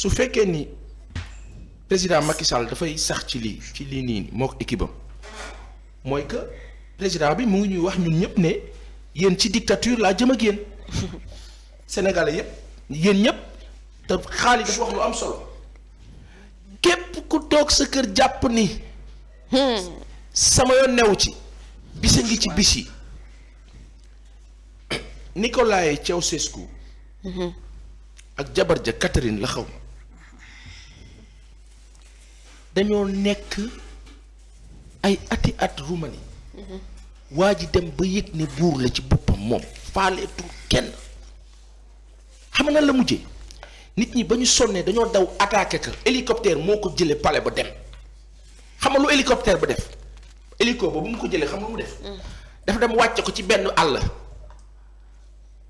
su fekkee ni président Macky dafay sax ci lii ci lii nii moo équipe am mooy que président bi mu ngi ñuy wax ñun ñëpp ne yéen ci dictature laa jëm ak yéen sénégalais yëpp yéen ñëpp te xaalis dafa wax lu am solo képp ku toog sa kër jàpp ni. Hmm. sama yoon new ci bisa ngi ci bis yi Nicolae Ceausescu hmm. ak jabar ja Catherine la xaw dañoo nekk ay ati at Roumanie waa ji dem ba yëg ne buur la ci boppam moom faaleetul kenn xam na la mujjee nit ñi ba ñu sonnee dañoo daw attaqué ka hélicoptère moo ko jëlee pale ba dem xam nga lu hélicoptère ba def hélico ba bu mu ko jëlee xam lu mu def dafa dem wàcce ko ci benn àll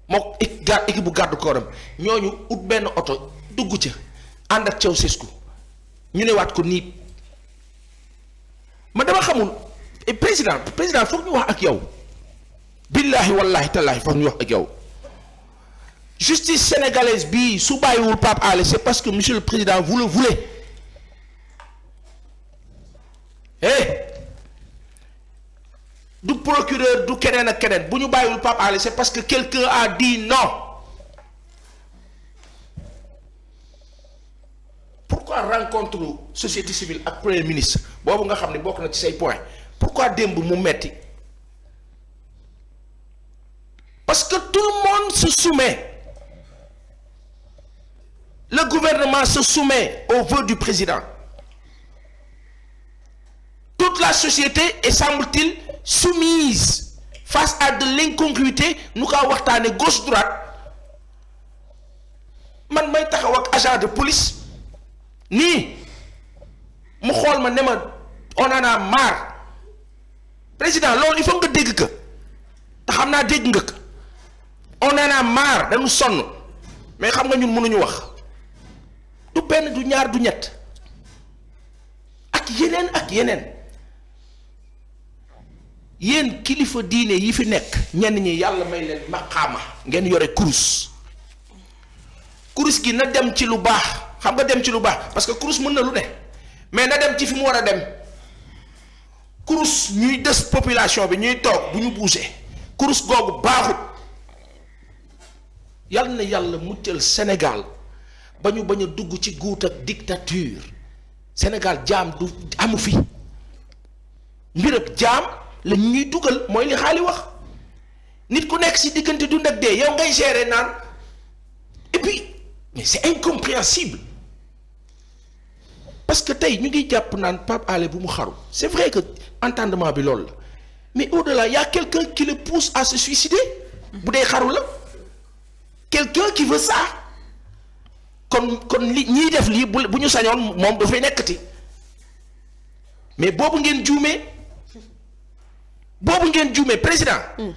moo équipe bu garde corps am ñooñu ut benn oto dugg ca ànd ak Ceausescu ñu ne waat ko nii ma dama xamul président président foog ñu wax ak yow billaahi wallaahi tallaahi foog ñu wax ak yow justice sénégalaise bii su bàyyiwul Pape Alé c'est parce que monsieur le président vous le voulez eh, du procureur du keneen ak keneen bu ñu bàyyiwul Pape Alé c'est parce que quelqu'un a dit non pourquoi rencontre société civile ak premier ministre boobu nga xam ne bokk na ci say point pourquoi démb mu metti parce que tout le monde se soumet le gouvernement se soumet au vœu du président toute la société est semble-t-il soumise face à de l'incongruité nu kaa waxtaane gauche droite man may taxaw ak agent de police nii mu xool ma ne ma on en a président loolu il faut nga dégg ko te xam naa dégg nga ko on en a dañu sonn mais xam nga ñun mënuñu wax du benn du ñaar du ñett ak yeneen ak yeneen yéen kilifa diine yi fi nekk ñenn ñi yàlla may leen maqaama ngeen yore kurus kurus gi na dem ci lu baax. xam nga dem ci lu baax parce que kurus mën na lu ne mais na dem ci fi mu war a dem kurus ñuy des population bi ñuy toog bu ñu bougé kurus googu baaxut yal na yàlla muccal Sénégal ba ñu bañ a dugg ci guut ak dictature Sénégal jaam du amu fi mbir mbirab jaam la ñuy dugal mooy li xaali wax nit ku nekk si diggante dund ak dee yow ngay gérer naan et puis mais c'est incompréhensible parce que tey ñu ngi jàpp naan Pape Alé bu mu xaru c'est vrai que entendement bi loolu la mais au-delà y a quelqu'un qui le pousse à se suicider bu dee xaru la quelqu'un qui veut saa kon kon li ñiy def lii bu ñu sañoon moom dafay nekkati mais boobu ngeen juumee boobu ngeen juumee président mm.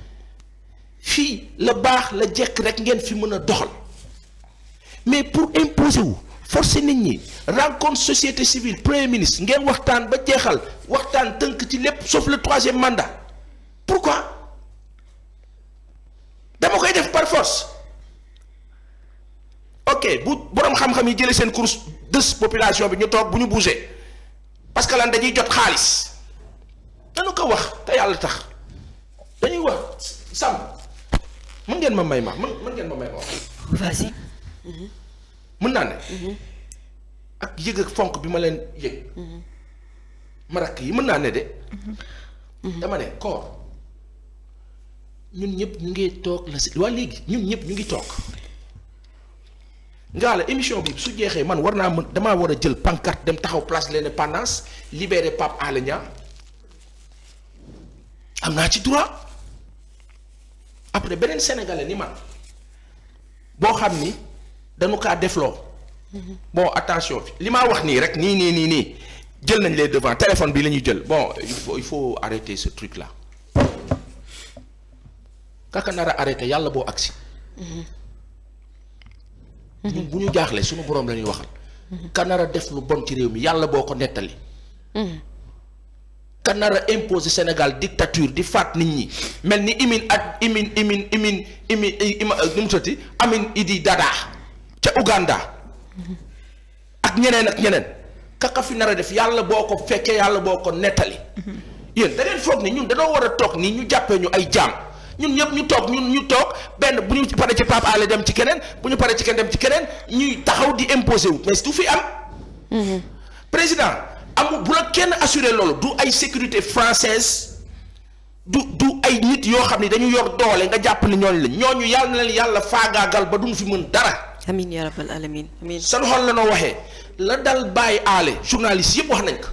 fii la baax la jekk rek ngeen fi mën a doxal mais pour imposer wu forcé nit ñi rencontre société civile premier ministre ngeen waxtaan ba jeexal waxtaan tënk ci lépp sauf le troisième mandat pourquoi dama koy def par force ok bu boroom xam-xam yi jëlee seen course dës population bi ñu toog bu ñu bougé parce que lan dañuy jot xaalis dañu ko wax te yàlla tax dañuy wax sàmm mën ngeen ma may ma mën mën ngeen ma may ma wax. mën naa ne. Mhm. ak yëg ak fonk bi ma leen yëg. Mhm. ma yi mën naa ne de. Mhm. dama ne koor ñun ñëpp ñu ngi toog la si waa léegi ñun ñëpp ñu ngi toog. ngaa la émission bi su jeexee man war naa mën damaa war a jël pancarte dem taxaw place l'Indépendance libérer Pape Alé Niang am naa ci droit après beneen sénégalais ni man boo xam ni. dañu kaa defloo bon attention li maa wax nii rek nii nii nii nii jël nañ les devant téléphone bi la ñuy jël bon il faut il faut ce truc là kaka nar a arrêté yàlla boo agsi mhm. bu ñu jaaxlee sunu boroom lañuy ñuy waxal ka nar def lu bon ci réew mi yàlla boo ko nettali mhm. ka nar a imposer Sénégal dictature di faat nit ñi mel ni imin ak imin imin imin imin nu mu amin idi dadaa ca Uganda ak ñeneen ak ñeneen kaka fi nara def yàlla boo ko fekkee yàlla boo ko nettali yéen da ngeen foog ni ñun dañoo war a toog nii ñu jàppee ñu ay jaam ñun ñëpp ñu toog ñun ñu toog benn bu ñu paree ci Pape Alé dem ci keneen bu ñu paree ci keneen dem ci keneen ñuy taxaw di imposer wu mais du fi am président amul bu la kenn assuré loolu du ay sécurité française du du ay nit yoo xam ne dañu yor doole nga jàpp ni ñooñu la ñooñu yàlla na leen yàlla faagaagal ba duñ fi mën dara amiin yaa rabbal aalamiin amiin la noo waxee la dal bàyyi aale journaliste yëpp wax nañ ko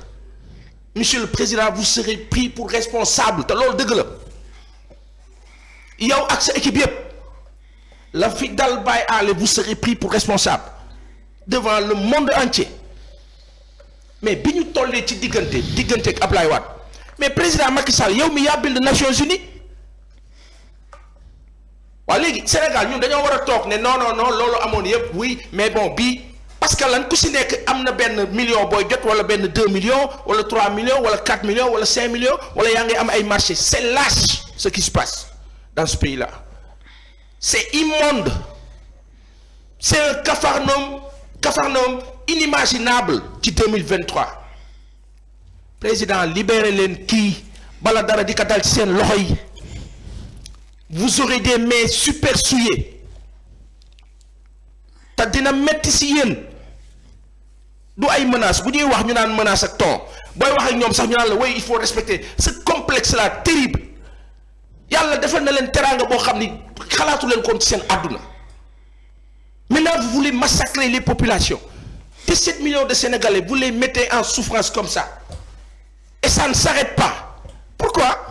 monsieur le président vous serez pris pour responsable te loolu dëgg la yow ak sa équipe yëpp la fi dal bàyyi aale vous serez pris pour responsable devant le monde entier mais bi ñu tollee ci diggante diggante ab Ablaye Wade mais président Macky Sall yow mi yaa bind Nations Unies. waaw léegi Sénégal ñun dañoo war a toog ne non non non loolu amoon yëpp wuy mais bon bi parce que lan ku si nekk am na benn million booy jot wala benn deux million wala trois millions wala quatre millions wala cinq millions wala yaa ngi am ay marché c'est lâche ce qui se passe dans ce pays là c'est immonde c'est un capharnaüm capharnaüm inimaginable ci 2023 président libéré leen kii bala dara di ko dal ci seen loxo yi vous aurez des mais super souillées te dina metti si yéen du ay menaces bu ñuy wax ñu naan menace ak ton booy wax ak ñoom sax ñu naan la way il faut respecter ce complexe la terrible yàlla defal na leen teraanga boo xam ni xalaatu leen koon ci seen àdduna maintenant vous voulez massacrer les populations 17 million de Sénégalais vous les en souffrance comme ça et ça ne s'arrête pas pourquoi.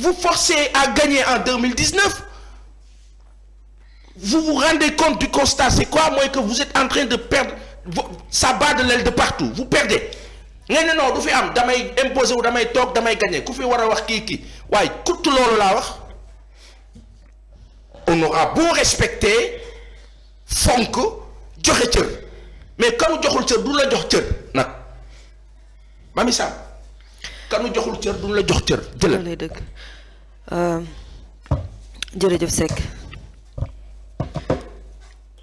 vous forcez à gagner en 2019 vous vous rendez compte du constat c'est quoi mooy que vous êtes en train de perdre ça bat de l'aile de partout vous perdez nga ne non du fi am damay imposé wu damay toog damay gagner ku fi war a wax kii kii waaye kutt loolu laa wax on aura beau respecter fonk joxe cër mais kamu joxul cër du la jox cër nag Mamy kanu joxul cër duñ la jox cër jëlal lay dëgg euh, jërëjëf Seck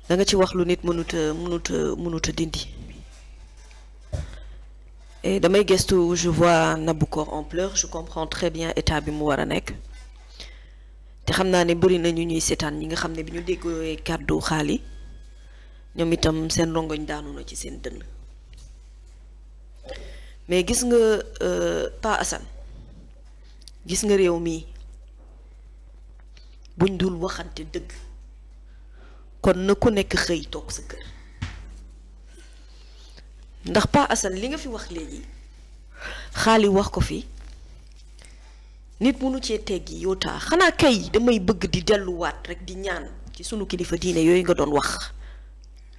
da nga ci wax lu nit mënut a mënut dindi et damay gëstu je vois Nabokor en pleurs je comprends très bien état bi mu war a nekk te xam naa ne bëri na ñu ñuy seetaan ñi nga xam ne bi ñu déggooyee kàddu xaali ñoom itam seen rongoñ daanu na ci seen dënn mais gis nga euh, Pa Assane gis nga réew mii buñ dul waxante dëgg kon na ku nekk xëy toog sa kër ndax Pa Assane li nga fi wax léegi xaali wax ko fi nit munu cee teggi yow taa xanaa kay damay bëgg di delluwaat rek di ñaan ci sunu kilifa diine yooyu nga doon wax